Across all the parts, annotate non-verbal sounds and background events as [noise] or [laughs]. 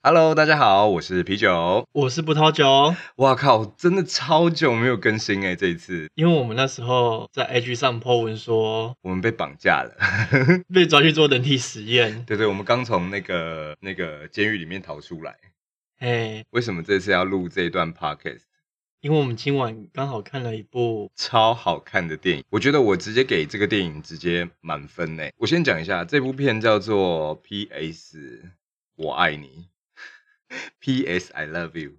Hello，大家好，我是啤酒，我是葡萄酒。哇靠，真的超久沒有更新欸，這一次，因為我們那時候在 IG 上 po 文說，我們被綁架了， [laughs] 被抓去做人體實驗。對對，我們剛從那個那個監獄裡面逃出來。嘿、hey，為什麼這次要錄這一段 podcast？因為我們今晚剛好看了一部超好看的電影，我覺得我直接給這個電影直接滿分欸。我先講一下，這部片叫做《PS 我愛你》。P.S. I love you。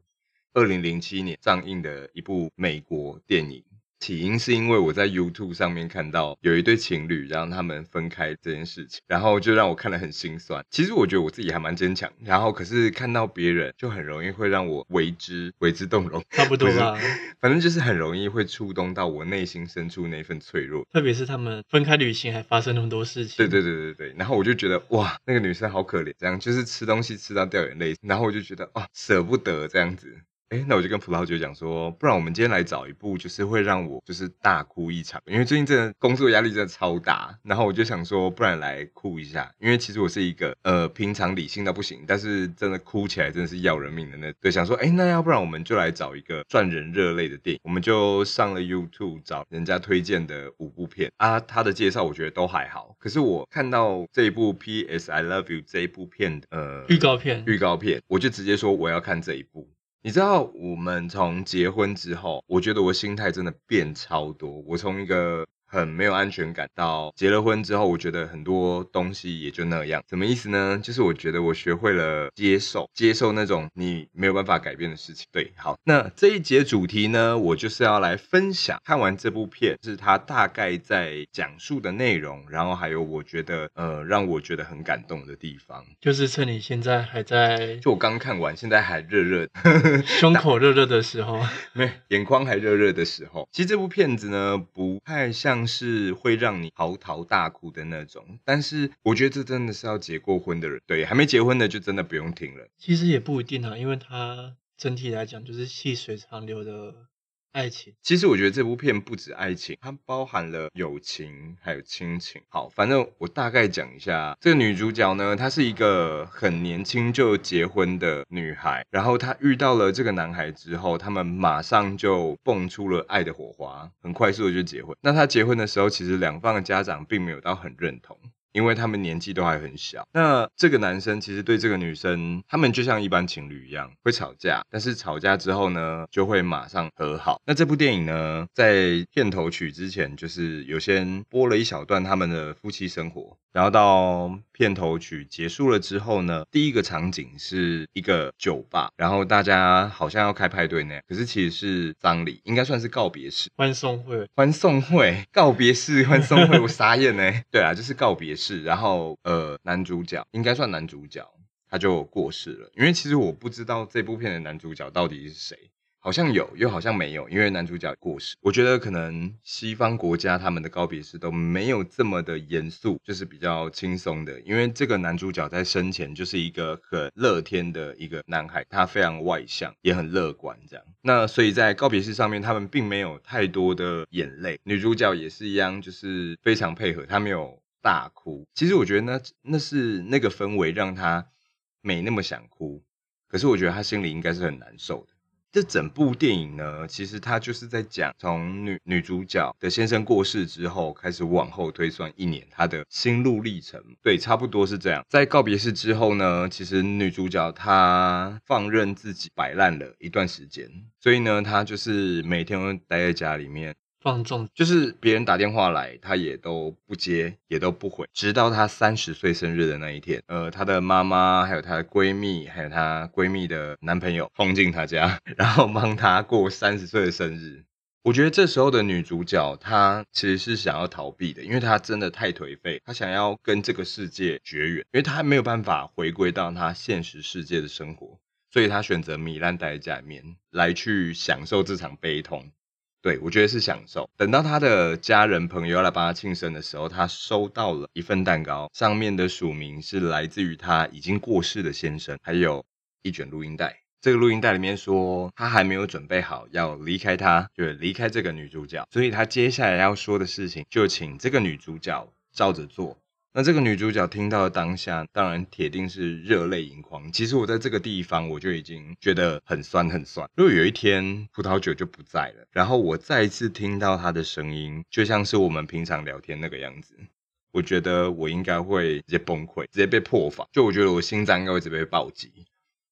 二零零七年上映的一部美國電影。起因是因為我在 YouTube 上面看到有一對情侶，然後他們分開這件事情，然後就讓我看得很心酸。其實我覺得我自己還蠻堅強，然後可是看到別人就很容易會讓我為之為之動容，差不多吧， [laughs] 反正就是很容易會觸動到我內心深處那份脆弱。特別是他們分開旅行還發生那麼多事情，對對對對對，對。然後我就覺得哇，那個女生好可憐，這樣就是吃東西吃到掉眼淚，然後我就覺得啊、哦，捨不得這樣子。哎，那我就跟葡萄酒講說，不然我們今天來找一部，就是會讓我就是大哭一場，因為最近真的工作壓力真的超大，然後我就想說，不然來哭一下。因為其實我是一個呃，平常理性到不行，但是真的哭起來真的是要人命的那對。想說，哎，那要不然我們就來找一個賺人熱淚的電影，我們就上了 YouTube 找人家推薦的五部片啊。他的介紹我覺得都還好，可是我看到這一部《P.S. I Love You》這一部片的呃預告片，預告片我就直接說我要看這一部。你知道我們從結婚之後，我覺得我心態真的變超多。我從一個很沒有安全感。到結了婚之後，我覺得很多東西也就那樣。什麼意思呢？就是我覺得我學會了接受，接受那種你沒有辦法改變的事情。對，好，那這一節主題呢，我就是要來分享。看完這部片，就是它大概在講述的內容，然後還有我覺得，呃，讓我覺得很感動的地方，就是趁你現在還在，就我剛看完，現在還熱熱， [laughs] 胸口熱熱的時候， [laughs] 沒，眼眶還熱熱的時候。 [laughs] 其實這部片子呢，不太像。是會讓你嚎啕大哭的那種，但是我覺得這真的是要結過婚的人，對，還沒結婚的就真的不用聽了。其實也不一定啊，因為它整體來講就是細水長流的。愛情，其實我覺得這部片不止愛情，它包含了友情還有親情。好，反正我大概講一下，這個女主角呢，她是一個很年輕就結婚的女孩，然後她遇到了這個男孩之後，他們馬上就蹦出了愛的火花，很快速的就結婚。那她結婚的時候，其實兩方的家長並沒有到很認同。因為他們年紀都還很小，那這個男生其實對這個女生，他們就像一般情侶一樣會吵架，但是吵架之後呢，就會馬上和好。那這部電影呢，在片頭曲之前，就是有先播了一小段他們的夫妻生活，然後到。片頭曲結束了之後呢，第一個場景是一個酒吧，然後大家好像要開派對呢，可是其實是葬禮，應該算是告別式、歡送會、歡送會、告別式、歡送會，我傻眼耶， [laughs] 對啊，就是告別式，然後呃，男主角應該算男主角，他就過世了，因為其實我不知道這部片的男主角到底是誰。好像有，又好像沒有，因為男主角過世，我覺得可能西方國家他們的告別式都沒有這麼的嚴肅，就是比較輕鬆的。因為這個男主角在生前就是一個很樂天的一個男孩，他非常外向，也很樂觀，這樣。那所以在告別式上面，他們並沒有太多的眼淚。女主角也是一樣，就是非常配合，她沒有大哭。其實我覺得呢，那是那個氛圍讓他沒那麼想哭，可是我覺得他心裡應該是很難受的。這整部電影呢，其實它就是在講從女女主角的先生過世之後開始往後推算一年，她的心路歷程。對，差不多是這樣。在告別式之後呢，其實女主角她放任自己擺爛了一段時間，所以呢，她就是每天都待在家裡面。放縱就是別人打電話來，她也都不接，也都不回。直到她三十歲生日的那一天，呃，她的媽媽還有她的閨蜜，還有她閨蜜的男朋友，衝進她家，然後幫她過三十歲的生日。我覺得這時候的女主角，她其實是想要逃避的，因為她真的太頹廢，她想要跟這個世界絕緣，因為她還沒有辦法回歸到她現實世界的生活，所以她選擇糜爛待在家裡面來去享受這場悲痛。對，我覺得是享受。等到他的家人朋友要來幫他慶生的時候，他收到了一份蛋糕，上面的署名是來自於他已經過世的先生，還有一卷錄音帶。這個錄音帶裡面說，他還沒有準備好要離開他，就是離開這個女主角，所以他接下來要說的事情，就請這個女主角照着做。那這個女主角聽到的當下，當然鐵定是熱淚盈眶。其實我在這個地方，我就已經覺得很酸很酸。如果有一天葡萄酒就不在了，然後我再一次聽到她的聲音，就像是我們平常聊天那個樣子，我覺得我應該會直接崩潰，直接被破防。就我覺得我心臟應該會直接被暴擊。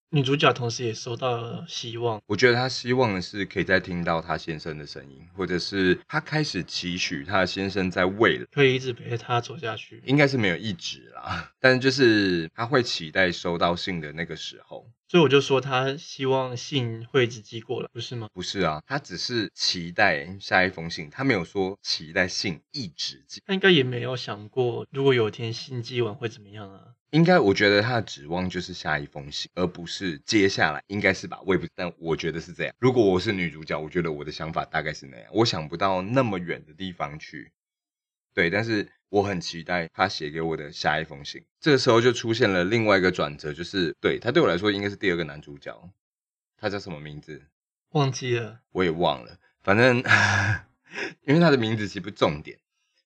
女主角同時也收到了希望，我覺得她希望的是可以再聽到她先生的聲音，或者是她開始期許她的先生在未來可以一直陪她走下去，應該是沒有一直啦，但是就是她會期待收到信的那個時候。所以我就說她希望信會一直寄過來，不是嗎？不是啊，她只是期待下一封信，她沒有說期待信一直寄，她應該也沒有想過如果有一天信寄完會怎麼樣啊。應該，我覺得他的指望就是下一封信，而不是接下來應該是吧，我也不，但我覺得是這樣。如果我是女主角，我覺得我的想法大概是那樣。我想不到那麼遠的地方去，對，但是我很期待他寫給我的下一封信。這個時候就出現了另外一個轉折，就是，對，他對我來說應該是第二個男主角，他叫什麼名字？忘記了，我也忘了。反正，呵呵，因為他的名字其實不重點。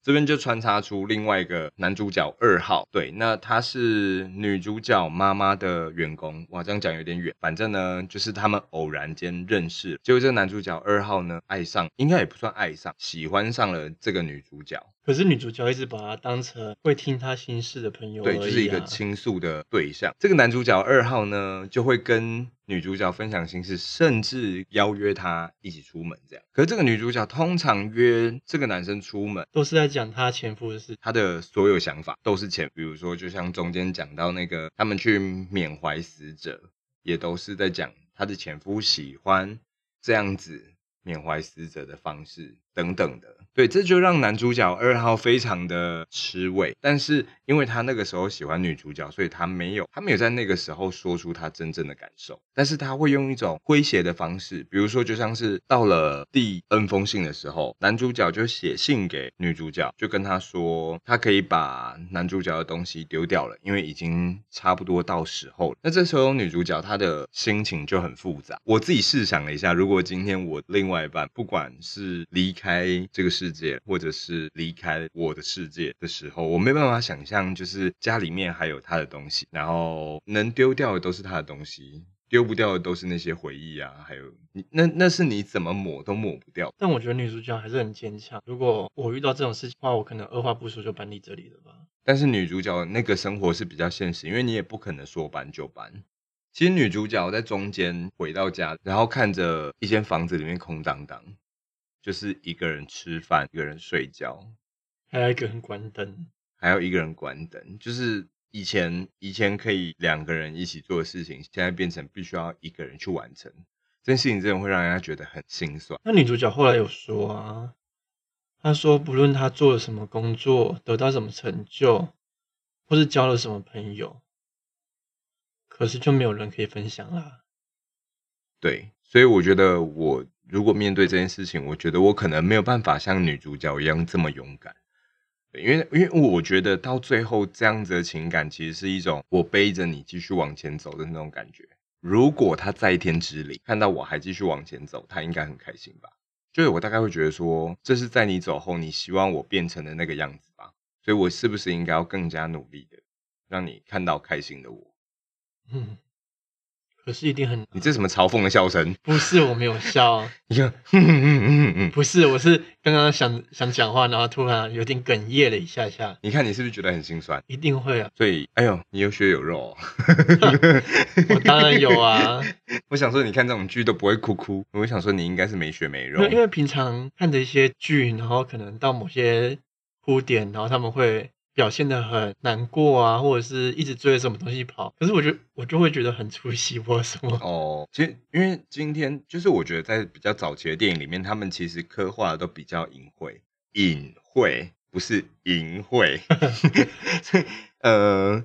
這邊就穿插出另外一個男主角二號，對，那他是女主角媽媽的員工，哇，這樣講有點遠，反正呢，就是他們偶然間認識，結果這個男主角二號呢，愛上，應該也不算愛上，喜歡上了這個女主角。可是女主角一直把他當成會聽他心事的朋友，啊、對，就是一個傾訴的對象、啊。這個男主角二號呢，就會跟女主角分享心事，甚至邀約她一起出門這樣。可是這個女主角通常約這個男生出門，都是在講她前夫的事、就是，她的所有想法都是前，比如說就像中間講到那個他們去緬懷死者，也都是在講她的前夫喜歡這樣子緬懷死者的方式。等等的，對，這就讓男主角二號非常的吃味，但是因為他那個時候喜歡女主角，所以他沒有，他沒有在那個時候說出他真正的感受，但是他會用一種詼諧的方式，比如說就像是到了第 N 封信的時候，男主角就寫信給女主角，就跟她說，他可以把男主角的東西丟掉了，因為已經差不多到時候了。那這時候女主角她的心情就很複雜。我自己試想了一下，如果今天我另外一半不管是離開開這個世界，或者是離開我的世界的時候，我沒辦法想象，就是家裡面還有他的東西，然後能丟掉的都是他的東西，丟不掉的都是那些回憶啊，還有你那那是你怎麼抹都抹不掉。但我覺得女主角還是很堅強。如果我遇到這種事情的話，我可能二話不說就搬離這裡了吧。但是女主角那個生活是比較現實，因為你也不可能說搬就搬。其實女主角在中間回到家，然後看着一間房子裡面空蕩蕩。就是一個人吃飯，一個人睡覺，還要一個人關燈，還要一個人關燈。就是以前以前可以兩個人一起做的事情，現在變成必須要一個人去完成。這件事情真的會讓人家覺得很心酸。那女主角後來有說啊，她說不論她做了什麼工作，得到什麼成就，或是交了什麼朋友，可是就沒有人可以分享啦。對，所以我覺得我。如果面對這件事情，我覺得我可能沒有辦法像女主角一樣這麼勇敢，因為因為我覺得到最後這樣子的情感，其實是一種我背着你繼續往前走的那種感覺。如果他在天之靈看到我還繼續往前走，他應該很開心吧？就是我大概會覺得說，這是在你走後，你希望我變成的那個樣子吧？所以，我是不是應該要更加努力的讓你看到開心的我？嗯。可是一定很……你這什麼嘲諷的笑聲？不是我沒有笑、啊， [laughs] 你看，嗯嗯嗯嗯嗯，不是，我是剛剛想想講話，然後突然有點哽咽了一下下。你看你是不是覺得很心酸？一定會啊。所以，哎呦，你有血有肉、哦， [laughs] [laughs] 我當然有啊。 [laughs] 我想說，你看這種劇都不會哭哭，我想說你應該是沒血沒肉。因為平常看的一些劇，然後可能到某些鋪墊，然後他們會。表現的很難過啊，或者是一直追著什麼東西跑，可是我就我就會覺得很出戲或者什麼。哦，其實因為今天就是我覺得在比較早期的電影裡面，他們其實刻畫的都比較隱晦，隱晦不是淫穢。 [laughs] [laughs] 所以呃，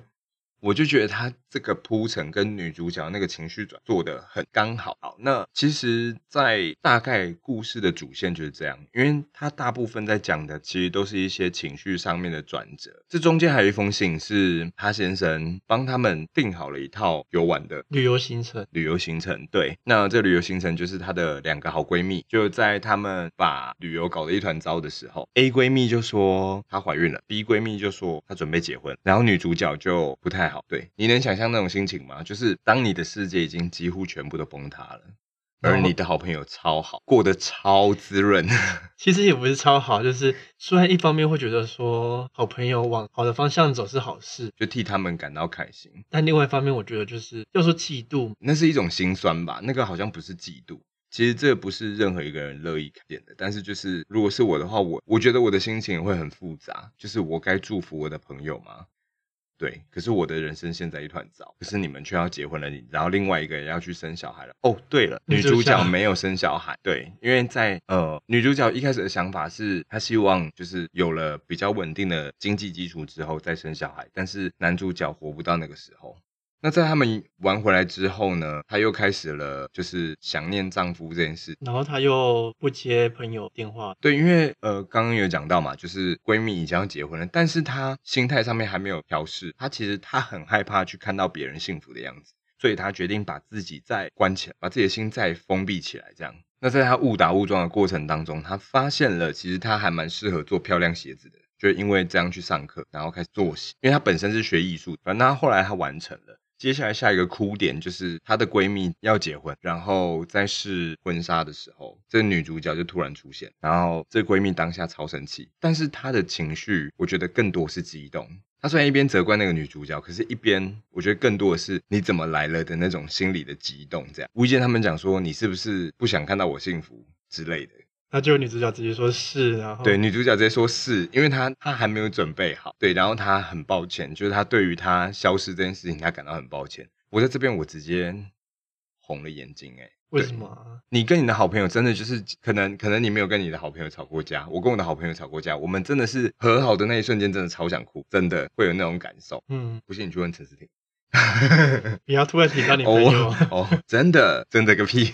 我就覺得他。這個鋪陳跟女主角那個情緒轉做得很剛好，好。那其實，在大概故事的主線就是這樣，因為她大部分在講的其實都是一些情緒上面的轉折。這中間還有一封信是他先生幫他們訂好了一套遊玩的旅遊行程。旅遊行程，對。那這旅遊行程就是她的兩個好閨蜜就在他們把旅遊搞得一團糟的時候，A 閨蜜就說她懷孕了，B 閨蜜就說她準備結婚，然後女主角就不太好。對，你能想。像那種心情嗎？就是當你的世界已經幾乎全部都崩塌了，而你的好朋友超好，過得超滋潤。其實也不是超好，就是雖然一方面會覺得說好朋友往好的方向走是好事，就替他們感到開心。但另外一方面，我覺得就是要說嫉妒，那是一種心酸吧。那個好像不是嫉妒，其實這不是任何一個人樂意看見的。但是就是如果是我的話，我我覺得我的心情會很複雜。就是我該祝福我的朋友嗎？對，可是我的人生現在一團糟，可是你們卻要結婚了，你然後另外一個也要去生小孩了。哦，對了，女主角沒有生小孩，小孩。對，因為在呃，女主角一開始的想法是她希望就是有了比較穩定的經濟基礎之後再生小孩，但是男主角活不到那個時候。那在他們玩回來之後呢，她又開始了，就是想念丈夫這件事。然後她又不接朋友電話。對，因為呃，剛剛有講到嘛，就是閨蜜已經要結婚了，但是她心態上面還沒有調適。她其實她很害怕去看到別人幸福的樣子，所以她決定把自己再關起來，把自己的心再封閉起來。這樣。那在她誤打誤撞的過程當中，她發現了其實她還蠻適合做漂亮鞋子的，就因為這樣去上課，然後開始做鞋，因為她本身是學藝術的，反正她後來她完成了。接下來下一個哭點就是她的閨蜜要結婚，然後在試婚紗的時候，這個女主角就突然出現，然後這閨蜜當下超生氣，但是她的情緒我覺得更多是激動。她雖然一邊責怪那個女主角，可是一邊我覺得更多的是你怎麼來了的那種心裡的激動，這樣。無意間他們講說，你是不是不想看到我幸福之類的。那就女主角直接說“是”，然後對女主角直接說“是”，因為她她還沒有準備好。對，然後她很抱歉，就是她對於她消失這件事情，她感到很抱歉。我在這邊我直接紅了眼睛，欸，哎，為什麼？你跟你的好朋友真的就是可能可能你沒有跟你的好朋友吵過架，我跟我的好朋友吵過架，我們真的是和好的那一瞬間，真的超想哭，真的會有那種感受。嗯，不信你去問陳思婷。你 [laughs] 要突然提到你朋友、oh，oh, 真的，真的個屁！ [laughs]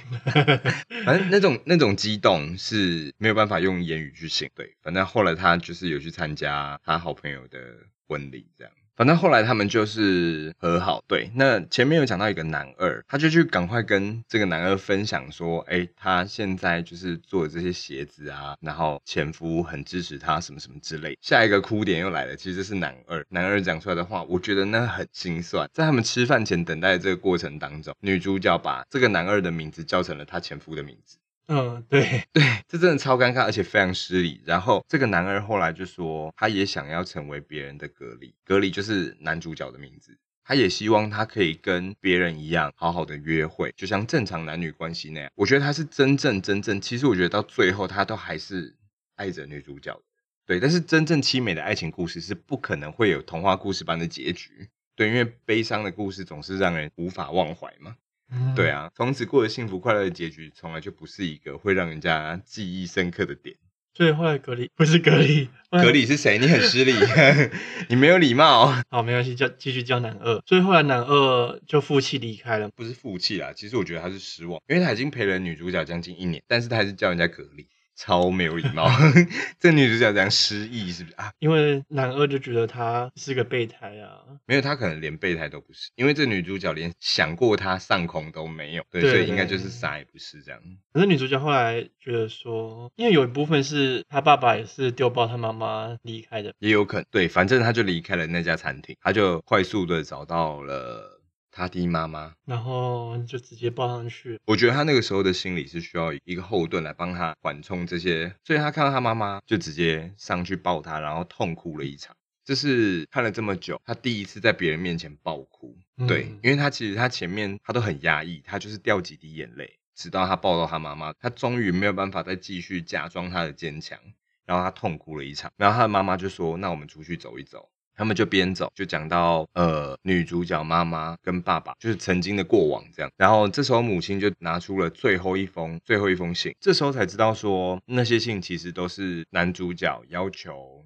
反正那種那種激動是沒有辦法用言語去形容。對，反正後來他就是有去參加他好朋友的婚禮，這樣。反正後來他們就是和好，對。那前面有講到一個男二，他就去趕快跟這個男二分享說，哎、欸，他現在就是做這些鞋子啊，然後前夫很支持他，什麼什麼之類。下一個哭點又來了，其實這是男二。男二講出來的話，我覺得那很心酸。在他們吃飯前等待的這個過程當中，女主角把這個男二的名字叫成了他前夫的名字。嗯，對對，這真的超尷尬，而且非常失禮。然後這個男二後來就說，他也想要成為別人的隔離，隔離就是男主角的名字。他也希望他可以跟別人一樣好好的約會，就像正常男女關係那樣。我覺得他是真正真正，其實我覺得到最後他都還是愛着女主角。對，但是真正淒美的愛情故事是不可能會有童話故事般的結局。對，因為悲傷的故事總是讓人無法忘懷嘛。嗯、對啊，從此過的幸福快樂的結局，從來就不是一個會讓人家記憶深刻的點。所以後來隔離不是隔離，隔離是誰？你很失禮， [laughs] [laughs] 你沒有禮貌。好，沒關係，叫繼續叫男二。所以後來男二就負氣離開了，不是負氣啦，其實我覺得他是失望，因為他已經陪了女主角將近一年，但是他還是叫人家隔離。超沒有禮貌！ [laughs] [laughs] 這女主角這樣失憶是不是啊？因為男二就覺得她是個備胎啊。沒有，她可能連備胎都不是，因為這女主角連想過她上空都沒有，對，對，所以應該就是啥也不是這樣。可是女主角後來覺得說，因為有一部分是她爸爸也是丟包她媽媽離開的，也有可能，對，反正她就離開了那家餐廳，她就快速的找到了，他的媽媽，然後就直接抱上去。我覺得他那個時候的心理是需要一個後盾來幫他緩衝這些，所以他看到他媽媽就直接上去抱他，然後痛哭了一場。這是看了這麼久，他第一次在別人面前爆哭。對，因為他其實他前面他都很壓抑，他就是掉幾滴眼淚，直到他抱到他媽媽，他終於沒有辦法再繼續假裝他的堅強，然後他痛哭了一場。然後他的媽媽就說：“那我們出去走一走。”他們就邊走就講到呃，女主角媽媽跟爸爸就是曾經的過往這樣，然後這時候母親就拿出了最後一封、最後一封信，這時候才知道說那些信其實都是男主角要求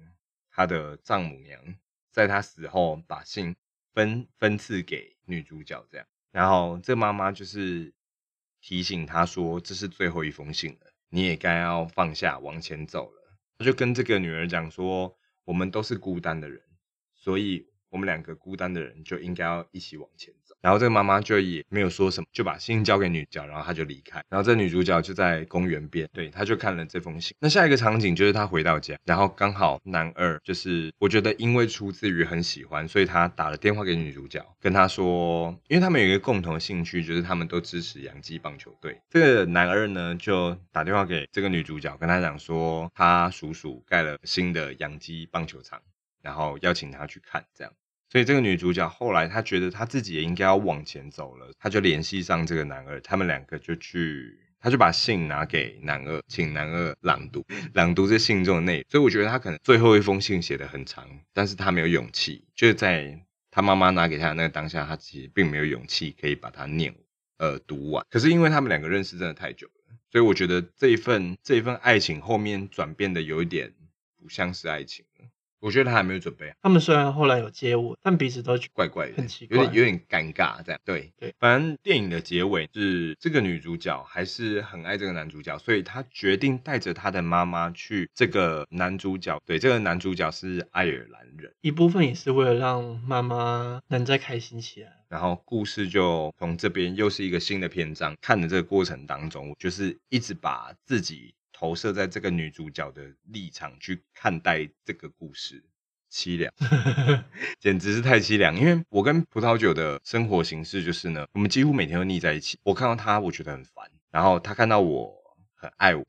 他的丈母娘在他死後把信分、分次給女主角這樣，然後這媽媽就是提醒他說，這是最後一封信了，你也該要放下往前走了，他就跟這個女兒講說，我們都是孤單的人。所以，我們兩個孤單的人就應該要一起往前走。然後，這個媽媽就也沒有說什麼，就把信交給女主角，然後她就離開。然後，這個女主角就在公園邊，對，她就看了這封信。那下一個場景就是她回到家，然後剛好男二就是，我覺得因為出自於很喜歡，所以他打了電話給女主角，跟她說，因為他們有一個共同的興趣，就是他們都支持洋基棒球隊。這個男二呢，就打電話給這個女主角，跟她講說，他叔叔蓋了新的洋基棒球場。然後邀請他去看，這樣，所以這個女主角後來她覺得她自己也應該要往前走了，她就聯繫上這個男二，他們兩個就去，她就把信拿給男二，請男二朗讀，朗讀這信中的內容。所以我覺得她可能最後一封信寫得很長，但是她沒有勇氣，就是在她媽媽拿給她的那個當下，她其實並沒有勇氣可以把它念呃讀完。可是因為他們兩個認識真的太久了，所以我覺得這一份這一份愛情後面轉變得有一點不像是愛情。我覺得他還沒有準備。他們雖然後來有接吻，但彼此都覺得怪，怪怪的，很奇怪，有點有點尷尬這樣。對對，反正電影的結尾是這個女主角還是很愛這個男主角，所以她決定帶着她的媽媽去這個男主角。對，這個男主角是愛爾蘭人，一部分也是為了讓媽媽能再開心起來。然後故事就從這邊又是一個新的篇章。看的這個過程當中，就是一直把自己，投射在這個女主角的立場去看待這個故事，淒涼， [laughs] 簡直是太淒涼。因為我跟葡萄酒的生活形式就是呢，我們幾乎每天都膩在一起。我看到他，我覺得很煩；然後他看到我，很愛我，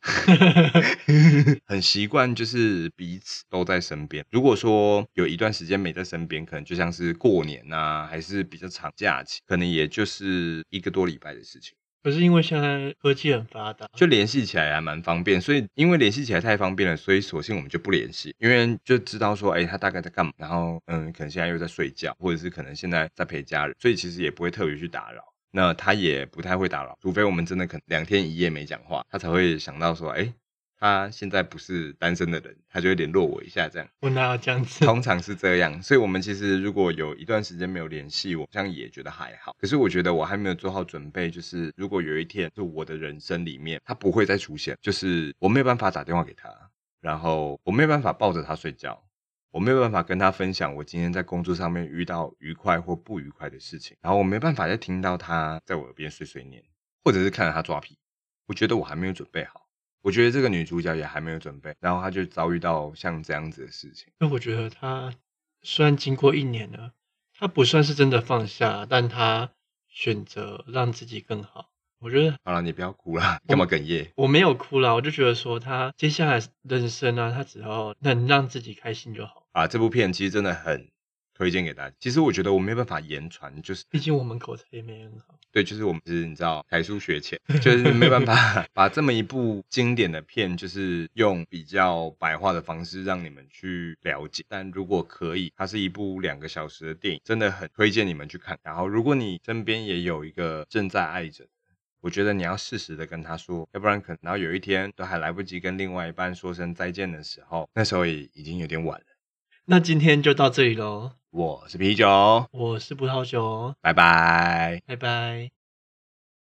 [laughs] 很習慣，就是彼此都在身邊。如果說有一段時間沒在身邊，可能就像是過年吶、啊，還是比較長假期，可能也就是一個多禮拜的事情。可是因為現在科技很發達，就聯繫起來還蠻方便，所以因為聯繫起來太方便了，所以索性我們就不聯繫，因為就知道說，誒，他大概在幹嘛，然後，嗯，可能現在又在睡覺，或者是可能現在在陪家人，所以其實也不會特別去打擾。那他也不太會打擾，除非我們真的可能兩天一夜沒講話，他才會想到說，誒他現在不是單身的人，他就會聯絡我一下，這樣。我哪有這樣子？通常是這樣，所以，我們其實如果有一段時間沒有聯繫，我好像也覺得還好。可是，我覺得我還沒有做好準備，就是如果有一天，就我的人生裡面，他不會再出現，就是我沒有辦法打電話給他，然後我沒有辦法抱着他睡覺，我沒有辦法跟他分享我今天在工作上面遇到愉快或不愉快的事情，然後我沒辦法再聽到他在我耳邊碎碎念，或者是看到他抓皮，我覺得我還沒有準備好。我覺得這個女主角也還沒有準備，然後她就遭遇到像這樣子的事情。因為我覺得她雖然經過一年了，她不算是真的放下，但她選擇讓自己更好。我覺得好了，你不要哭啦，你幹嘛哽咽？我，我沒有哭啦，我就覺得說她接下來人生啊，她只要能讓自己開心就好。啊，這部片其實真的很。推薦給大家。其實我覺得我沒有辦法言傳，就是畢竟我們口才也沒很好。對，就是我們是你知道才疏學淺，就是沒辦法把這麼一部經典的片，就是用比較白話的方式讓你們去了解。但如果可以，它是一部兩個小時的電影，真的很推薦你們去看。然後，如果你身邊也有一個正在愛着，我覺得你要適時的跟他說，要不然可能然後有一天都還來不及跟另外一半說聲再見的時候，那時候也已經有點晚了。那今天就到這裡嘍。我是啤酒，我是葡萄酒，拜拜，拜拜。